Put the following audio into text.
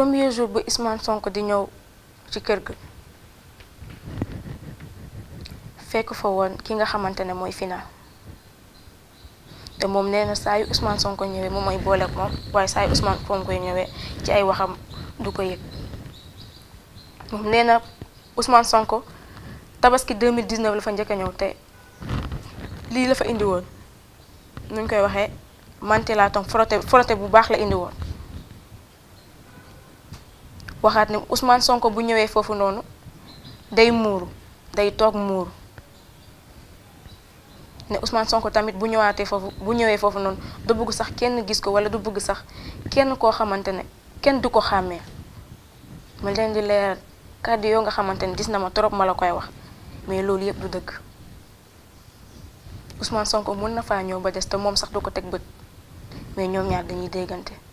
premier jour bu Ousmane Sonko di ñëw ci kër gi fekk fa woon ki nga xamante ne mooy finaa te moom nee na saa yu Sonko ñëwee moom mooy boole ak moom waaye saa yu Ousmane Sonko ñëwee ci ay waxam du ko yëg moom nee na Ousmane Sonko tabaski 2019 la fa njëkk a ñëw te lii la fa indi woon nuñ koy waxee mantelaatam frotté frotté bu baax la indi woon. waxaat ne Ousmane Sonko bu ñëwee foofu noonu day muuru day toog muuru ne Ousmane Sonko tamit bu ñëwaatee foofu bu ñëwee foofu noonu du bëgg sax kenn gis ko wala du bëgg sax kenn koo xamante ne kenn du ko xàmmee ma leen di leeral kàddu yoo nga xamante ne gis na ma trop ma la koy wax mais loolu yëpp du dëgg Ousmane Sonko mën na faa ñëw ba des te moom sax du ko teg bët mais ñoom ñaar dañuy déggante.